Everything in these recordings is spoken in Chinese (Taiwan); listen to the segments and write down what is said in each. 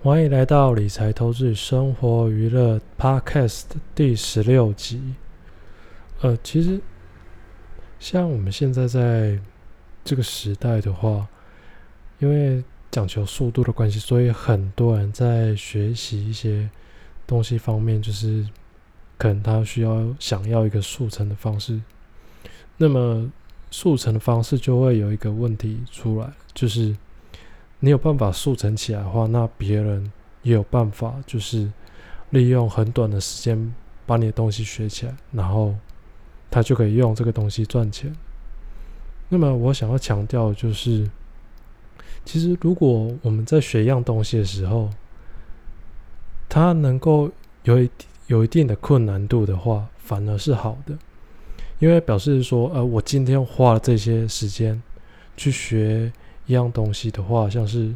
歡迎來到理財、投資、生活、娛樂 Podcast 第十六集。呃，其實像我們現在在這個時代的話，因為講求速度的關係，所以很多人在學習一些東西方面，就是可能他需要想要一個速成的方式。那麼速成的方式就會有一個問題出來，就是。你有辦法速成起來的話，那別人也有辦法，就是利用很短的時間把你的東西學起來，然後他就可以用這個東西賺錢。那麼我想要強調就是，其實如果我們在學一樣東西的時候，它能夠有一有一定的困難度的話，反而是好的，因為表示說，呃，我今天花了這些時間去學。一樣東西的話，像是，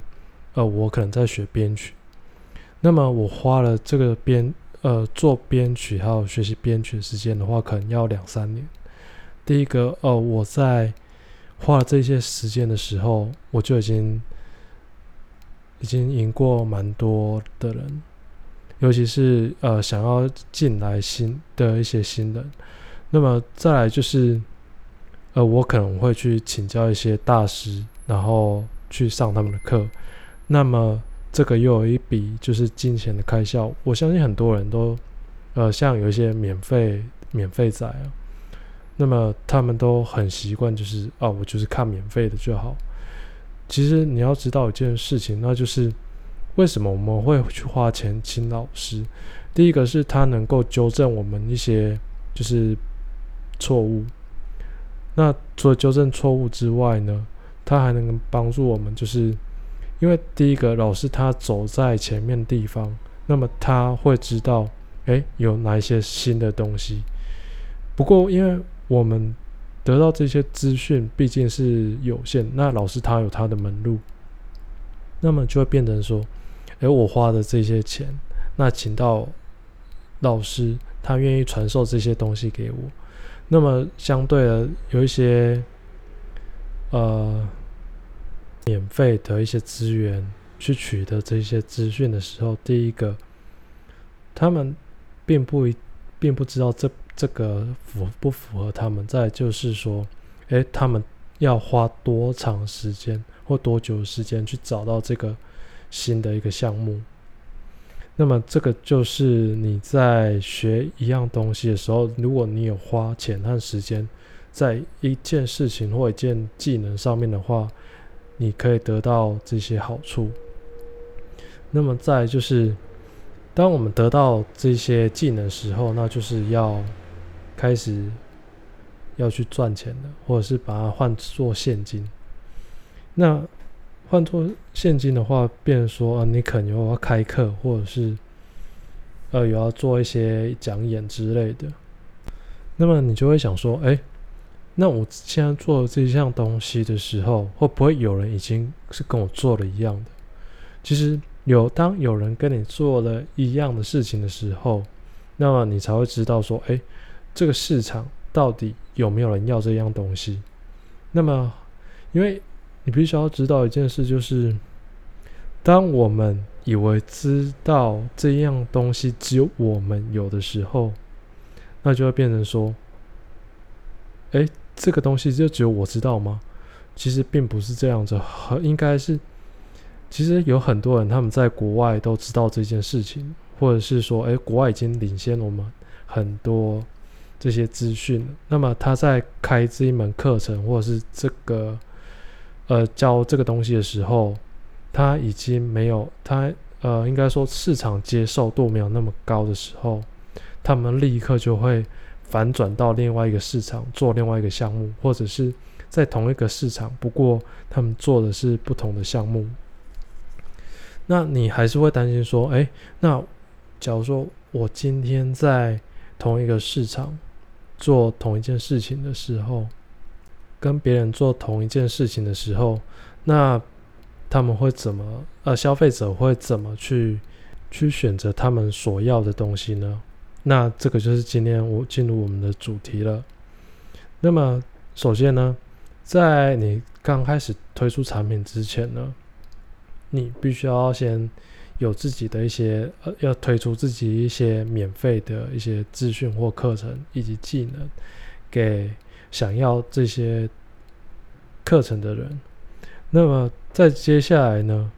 呃，我可能在學編曲，那麼我花了這個編呃做編曲還有學習編曲的時間的話，可能要兩三年。第一個，呃，我在花了這些時間的時候，我就已經已經贏過蠻多的人，尤其是呃想要進來新的一些新人。那麼再來就是，呃，我可能會去請教一些大師。然後去上他們的課，那麼這個又有一筆就是金錢的開銷。我相信很多人都，呃，像有一些免費免費仔啊，那麼他們都很習慣，就是哦、啊，我就是看免費的就好。其實你要知道一件事情，那就是為什麼我們會去花錢請老師？第一個是他能夠糾正我們一些就是錯誤。那除了糾正錯誤之外呢？他還能幫助我們，就是因為第一個老師他走在前面的地方，那麼他會知道，哎，有哪一些新的東西。不過，因為我們得到這些資訊畢竟是有限，那老師他有他的門路，那麼就會變成說，哎，我花的這些錢，那請到老師他願意傳授這些東西給我，那麼相對的有一些，呃。免費的一些資源去取得這些資訊的時候，第一個，他們並不並不知道這這個符不符合他們。再就是說，哎、欸，他們要花多長時間或多久時間去找到這個新的一個項目。那麼，這個就是你在學一樣東西的時候，如果你有花錢和時間在一件事情或一件技能上面的話。你可以得到這些好處。那麼，再就是當我們得到這些技能的時候，那就是要開始要去賺錢的，或者是把它換做現金。那換做現金的話，變成說啊、呃，你可能要開課，或者是呃有要做一些講演之類的。那麼你就會想說，哎、欸。那我現在做這項東西的時候，會不會有人已經是跟我做了一樣的？其實有，當有人跟你做了一樣的事情的時候，那麼你才會知道說，哎、欸，這個市場到底有沒有人要這樣東西？那麼，因為你必須要知道一件事，就是當我們以為知道這樣東西只有我們有的時候，那就會變成說，欸這個東西就只有我知道嗎？其實並不是這樣子，應該是其實有很多人他們在國外都知道這件事情，或者是說，哎，國外已經領先我們很多這些資訊。那麼他在開這一門課程，或者是這個呃教這個東西的時候，他已經沒有他呃，應該說市場接受度沒有那麼高的時候，他們立刻就會。反轉到另外一個市場做另外一個項目，或者是在同一個市場，不過他們做的是不同的項目。那你還是會擔心說，哎、欸，那假如說我今天在同一個市場做同一件事情的時候，跟別人做同一件事情的時候，那他們會怎麼，呃，消費者會怎麼去去選擇他們所要的東西呢？那這個就是今天我進入我們的主題了。那麼，首先呢，在你剛開始推出產品之前呢，你必須要先有自己的一些，呃、要推出自己一些免費的一些資訊或課程以及技能給想要這些課程的人。那麼，在接下來呢，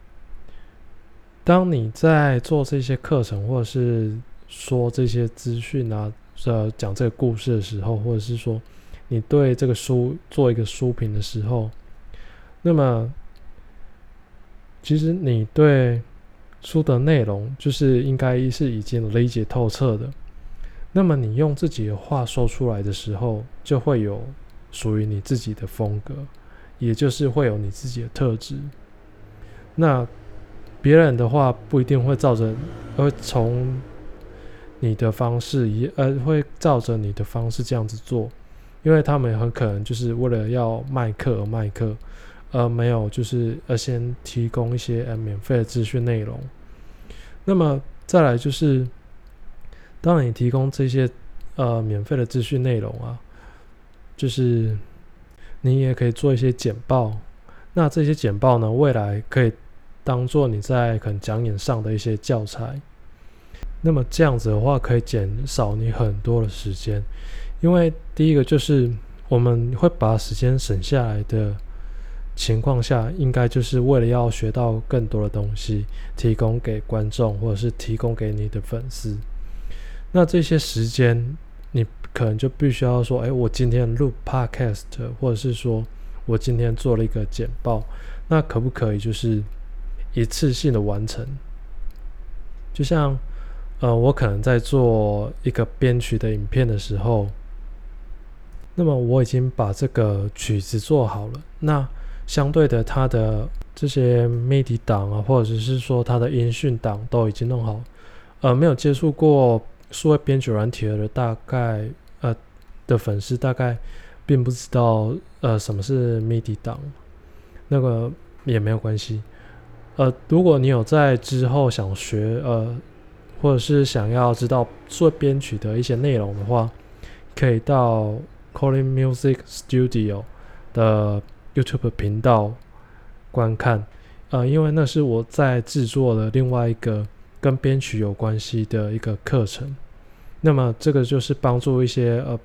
當你在做這些課程或者是說這些資訊啊，呃，講這個故事的時候，或者是說你對這個書做一個書評的時候，那麼其實你對書的內容就是應該是已經理解透徹的。那麼你用自己的話說出來的時候，就會有屬於你自己的風格，也就是會有你自己的特質。那別人的話不一定會照著，而從你的方式一，呃會照着你的方式這樣子做，因為他們很可能就是為了要賣課而賣課，而沒有就是呃先提供一些呃免費的資訊內容。那麼再來就是，當你提供這些呃免費的資訊內容啊，就是你也可以做一些簡報。那這些簡報呢，未來可以當做你在可能講演上的一些教材。那麼這樣子的話，可以減少你很多的時間，因為第一個就是我們會把時間省下來的情況下，應該就是為了要學到更多的東西，提供給觀眾或者是提供給你的粉絲。那這些時間，你可能就必須要說，哎，我今天錄 Podcast，或者是說我今天做了一個簡報，那可不可以就是一次性的完成，就像。呃，我可能在做一個編曲的影片的時候，那麼我已經把這個曲子做好了。那相對的，它的這些 MIDI 檔啊，或者是說它的音訊檔都已經弄好。呃，沒有接觸過數位編曲軟體的大概呃的粉絲，大概並不知道呃什麼是 MIDI 檔。那個也沒有關係。呃，如果你有在之後想學呃。或者是想要知道做編曲的一些內容的話，可以到 Colin Music Studio 的 YouTube 頻道觀看。呃，因為那是我在制作的另外一個跟編曲有關係的一個課程。那麼這個就是幫助一些呃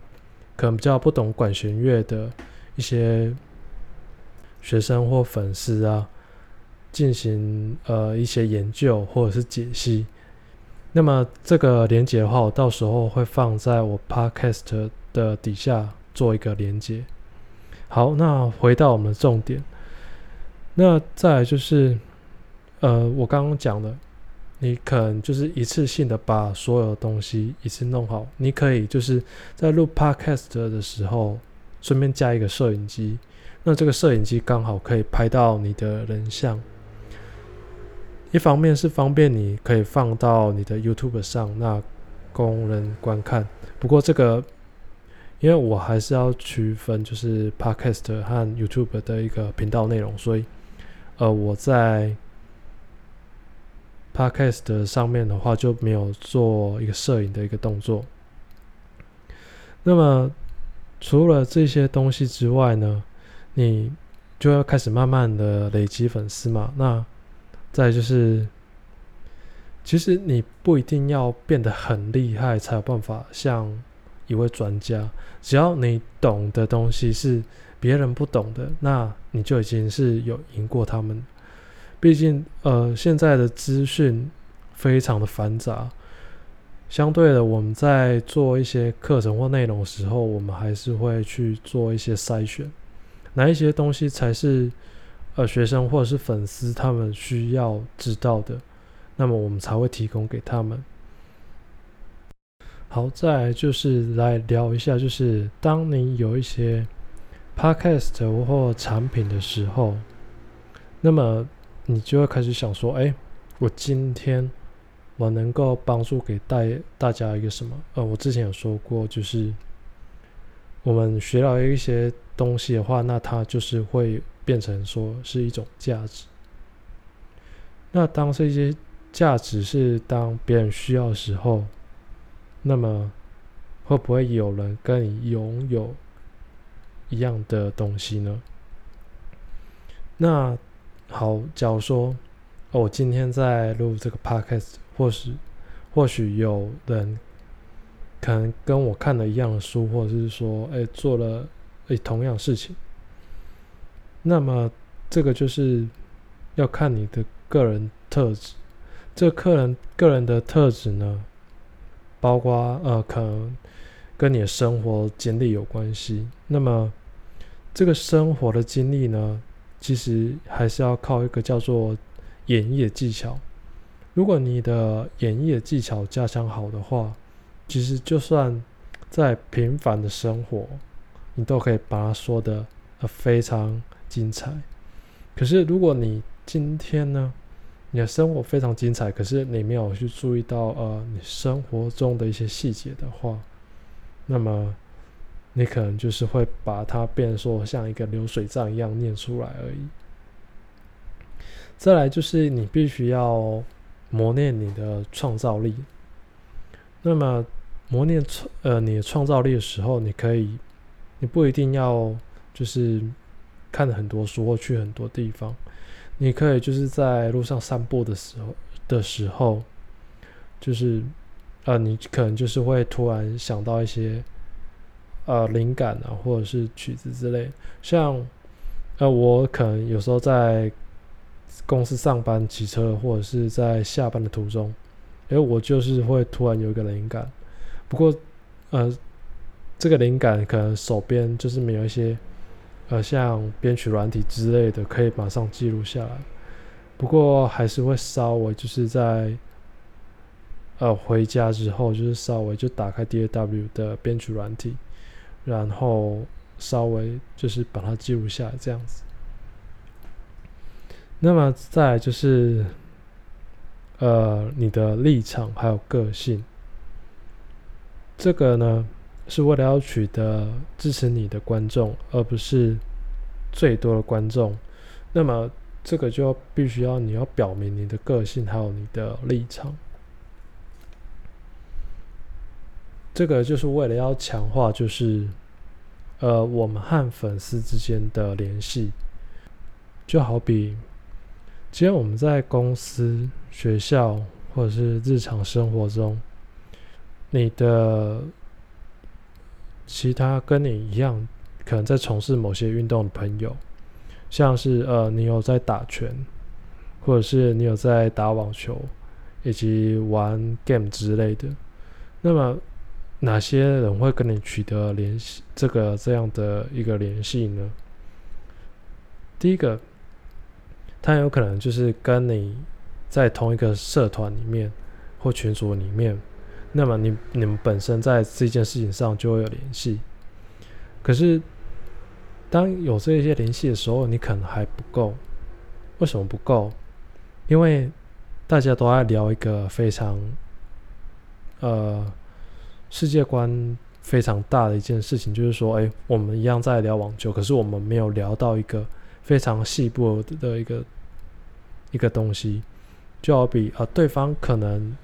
可能比較不懂管弦樂的一些學生或粉絲啊，進行呃一些研究或者是解析。那麼這個連接的話，我到時候會放在我 Podcast 的底下做一個連接。好，那回到我們的重點，那再來就是，呃，我剛剛講的，你可能就是一次性的把所有東西一次弄好，你可以就是在錄 Podcast 的時候順便加一個攝影機，那這個攝影機剛好可以拍到你的人像。一方面是方便你可以放到你的 YouTube 上，那供人觀看。不過這個，因為我還是要區分就是 Podcast 和 YouTube 的一個頻道內容，所以呃，我在 Podcast 上面的話就沒有做一個攝影的一個動作。那麼除了這些東西之外呢，你就要開始慢慢的累積粉絲嘛，那再來就是，其實你不一定要變得很厲害才有辦法像一位專家，只要你懂的東西是別人不懂的，那你就已經是有贏過他們。畢竟，呃，現在的資訊非常的繁雜，相對的，我們在做一些課程或內容的時候，我們還是會去做一些篩選，哪一些東西才是。呃，學生或者是粉絲，他們需要知道的，那麼我們才會提供給他們。好，再就是來聊一下，就是當你有一些 podcast 或產品的時候，那麼你就會開始想說，哎、欸，我今天我能夠幫助給大大家一個什麼？呃，我之前有說過，就是我們學到一些東西的話，那它就是會。變成說是一種價值。那當這些價值是當別人需要的時候，那麼會不會有人跟你擁有一樣的東西呢？那好，假如說我、哦，今天在錄這個 podcast，或是或許有人可能跟我看了一樣的書，或者是說，哎、欸，做了哎、欸、同樣事情。那麼，這個就是要看你的個人特質。這個個人個人的特質呢，包括呃，可能跟你的生活經歷有關係。那麼，這個生活的經歷呢，其實還是要靠一個叫做演繹的技巧。如果你的演繹的技巧加強好的話，其實就算再平凡的生活，你都可以把它說的呃非常。精彩。可是，如果你今天呢，你的生活非常精彩，可是你沒有去注意到呃，你生活中的一些細節的話，那麼你可能就是會把它變說像一個流水賬一樣念出來而已。再來就是你必須要磨練你的創造力。那麼磨練創呃你的創造力的時候，你可以你不一定要就是。看了很多書或去很多地方，你可以就是在路上散步的時候的時候，就是呃，你可能就是會突然想到一些呃靈感啊，或者是曲子之類。像呃，我可能有時候在公司上班騎車，或者是在下班的途中，哎、欸，我就是會突然有一個靈感。不過呃，這個靈感可能手邊就是沒有一些。呃，像編曲軟體之類的，可以馬上記錄下來。不過還是會稍微就是在，呃，回家之後，就是稍微就打開 DAW 的編曲軟體，然後稍微就是把它記錄下來這樣子。那麼再來就是，呃，你的立場還有個性。這個呢，是為了要取得支持你的觀眾，而不是最多的觀眾。那麼，這個就必須要你要表明你的個性，還有你的立場。這個就是為了要強化，就是呃，我們和粉絲之間的聯繫。就好比，今天我們在公司、學校，或者是日常生活中，你的。其他跟你一樣，可能在從事某些運動的朋友，像是呃，你有在打拳，或者是你有在打網球，以及玩 game 之類的，那麼哪些人會跟你取得聯繫，這個這樣的一個聯繫呢？第一個，他有可能就是跟你在同一個社團裡面或群組裡面。那麼你你們本身在這件事情上就會有聯繫，可是當有這些聯繫的時候，你可能還不夠。為什麼不夠？因為大家都在聊一個非常，呃，世界觀非常大的一件事情，就是說，哎、欸，我們一樣在聊網球，可是我們沒有聊到一個非常細部的一個一個東西，就好比啊、呃，對方可能。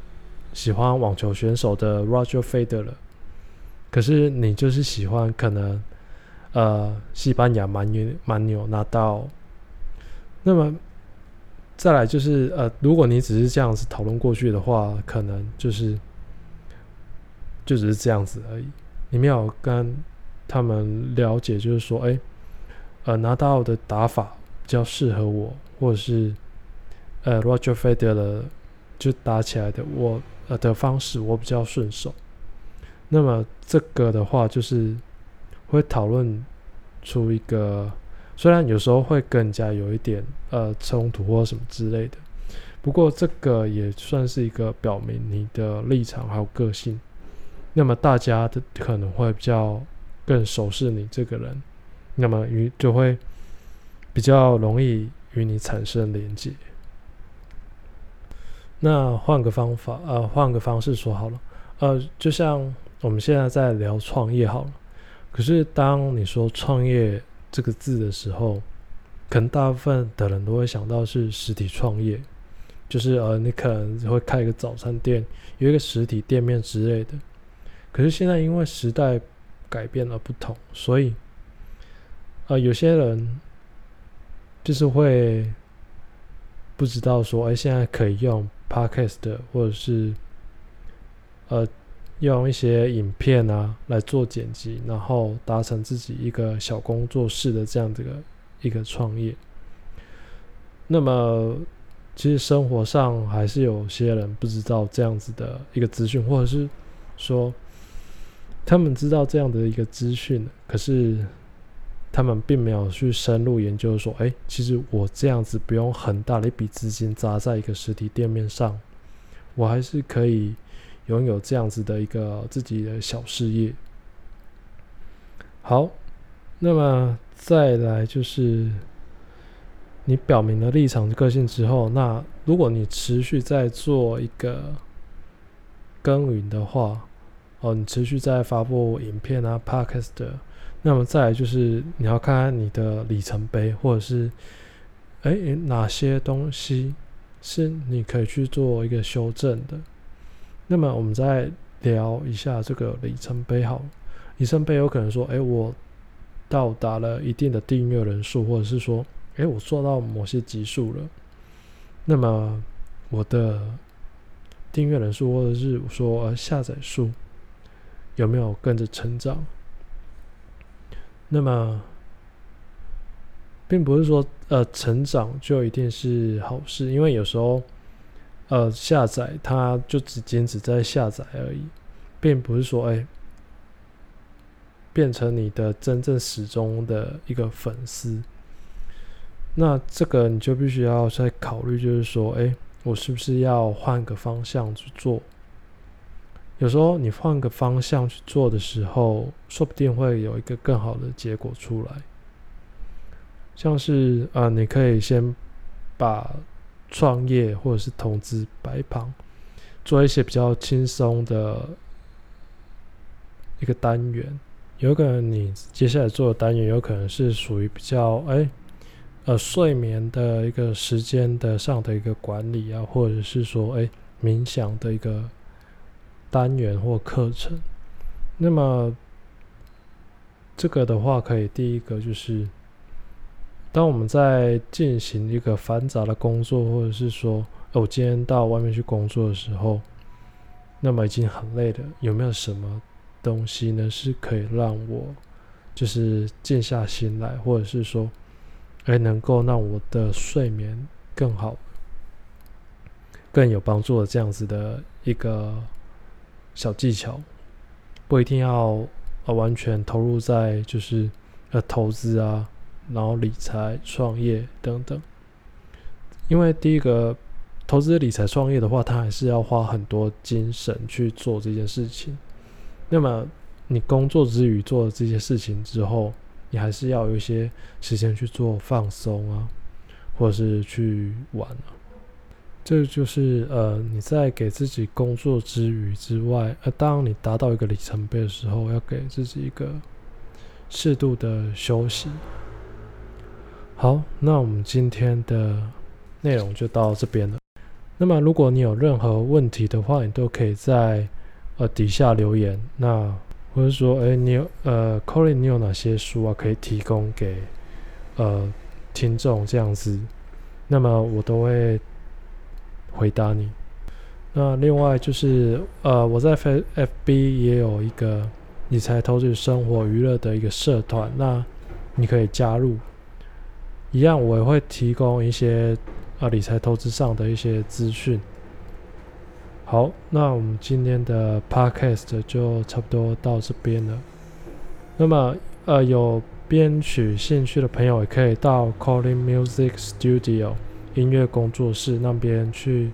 喜歡網球選手的 Roger Federer 了，可是你就是喜歡可能呃西班牙蠻牛蠻牛納達爾，那麼再來就是呃，如果你只是這樣子討論過去的話，可能就是就只是這樣子而已。你沒有跟他們了解，就是說誒、欸、呃納達爾的打法比較適合我，或者是呃 Roger Federer 的。就打起來的，我呃的方式我比較順手。那麼這個的話，就是會討論出一個，雖然有時候會跟人家有一點呃衝突或什麼之類的，不過這個也算是一個表明你的立場還有個性。那麼大家的可能會比較更熟悉你這個人，那麼與就會比較容易與你產生連接。那換個方法，呃，換個方式說好了，呃，就像我們現在在聊創業好了，可是當你說創業這個字的時候，可能大部分的人都會想到是實體創業，就是呃，你可能會開一個早餐店，有一個實體店面之類的。可是現在因為時代改變了不同，所以，啊、呃，有些人就是會。不知道說，哎、欸，現在可以用 Podcast，或者是，呃，用一些影片啊來做剪輯，然後達成自己一個小工作室的這樣子的一個創業。那麼，其實生活上還是有些人不知道這樣子的一個資訊，或者是說，他們知道這樣的一個資訊，可是。他們並沒有去深入研究，說，哎、欸，其實我這樣子不用很大的一筆資金砸在一個實體店面上，我還是可以擁有這樣子的一個自己的小事業。好，那麼再來就是，你表明了立場的個性之後，那如果你持續在做一個耕耘的話，哦，你持續在發布影片啊、podcast 那麼再來就是你要看看你的里程碑，或者是，哎，哪些東西是你可以去做一個修正的。那麼我們再聊一下這個里程碑。好了，里程碑有可能說，哎，我到達了一定的訂閱人數，或者是說，哎，我做到某些級數了。那麼我的訂閱人數或者是說，呃，下載數有沒有跟着成長？那麼，並不是說，呃，成長就一定是好事，因為有時候，呃，下載它就只僅止在下載而已，並不是說，哎、欸，變成你的真正始終的一個粉絲。那這個你就必須要再考慮，就是說，哎、欸，我是不是要換個方向去做？有時候你換個方向去做的時候，說不定會有一個更好的結果出來。像是啊、呃、你可以先把創業或者是投資擺旁，做一些比較輕鬆的一個單元。有可能你接下來做的單元，有可能是屬於比較哎、欸、呃睡眠，的一個時間的上的一個管理啊，或者是說哎、欸、冥想的一個。單元或課程，那麼這個的話，可以第一個就是，當我們在進行一個繁雜的工作，或者是說，哦，我今天到外面去工作的時候，那麼已經很累了，有沒有什麼東西呢？是可以讓我就是靜下心來，或者是說，哎，能夠讓我的睡眠更好、更有幫助的這樣子的一個。小技巧，不一定要呃完全投入在就是呃投資啊，然後理財、創業等等。因為第一個投資、理財、創業的話，他還是要花很多精神去做這件事情。那麼你工作之餘做了這些事情之後，你還是要有一些時間去做放鬆啊，或者是去玩啊。這就是呃，你在給自己工作之餘之外，呃，當你達到一個里程碑的時候，要給自己一個適度的休息。好，那我們今天的內容就到這邊了。那麼，如果你有任何問題的話，你都可以在呃底下留言，那或者說，哎，你有呃，Colin，你有哪些書啊，可以提供給呃聽眾這樣子？那麼我都會。回答你。那另外就是，呃，我在 F F B 也有一個理財、投資、生活、娛樂的一個社團，那你可以加入。一樣，我也會提供一些啊、呃、理財投資上的一些資訊。好，那我們今天的 Podcast 就差不多到這邊了。那麼，呃，有編曲興趣的朋友也可以到 Colin Music Studio。音樂工作室那邊去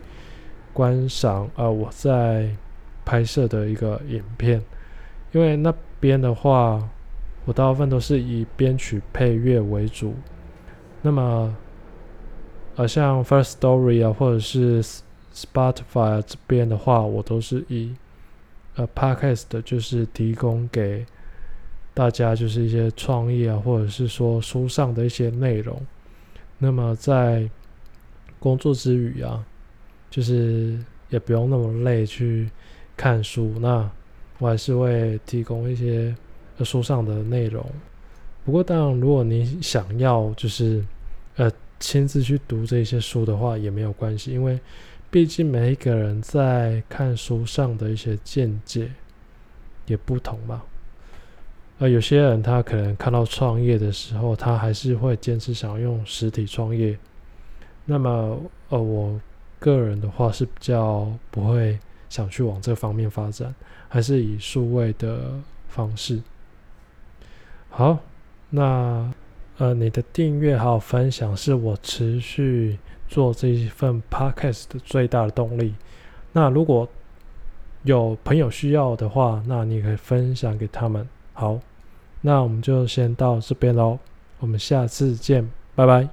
觀賞啊，呃，我在拍攝的一個影片。因為那邊的話，我大部分都是以編曲配樂為主。那麼，呃，像 First Story 啊，或者是 Spotify 啊，這邊的話，我都是以呃 Podcast，就是提供給大家就是一些創意啊，或者是說書上的一些內容。那麼在工作之餘啊，就是也不用那麼累去看書，那我還是會提供一些書上的內容。不過當然，如果你想要就是呃親自去讀這些書的話，也沒有關係，因為畢竟每一個人在看書上的一些見解也不同嘛。而、呃、有些人他可能看到創業的時候，他還是會堅持想要用實體創業。那麼，呃，我個人的話是比較不會想去往這方面發展，還是以數位的方式。好，那呃，你的訂閱還有分享是我持續做這一份 podcast 的最大的動力。那如果有朋友需要的話，那你可以分享給他們。好，那我們就先到這邊嘍，我們下次見，拜拜。